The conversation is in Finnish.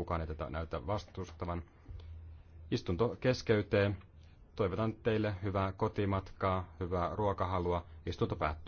Kukaan ei tätä näytä vastustavan. Istunto keskeyteen. Toivotan teille hyvää kotimatkaa, hyvää ruokahalua. Istunto päättyy.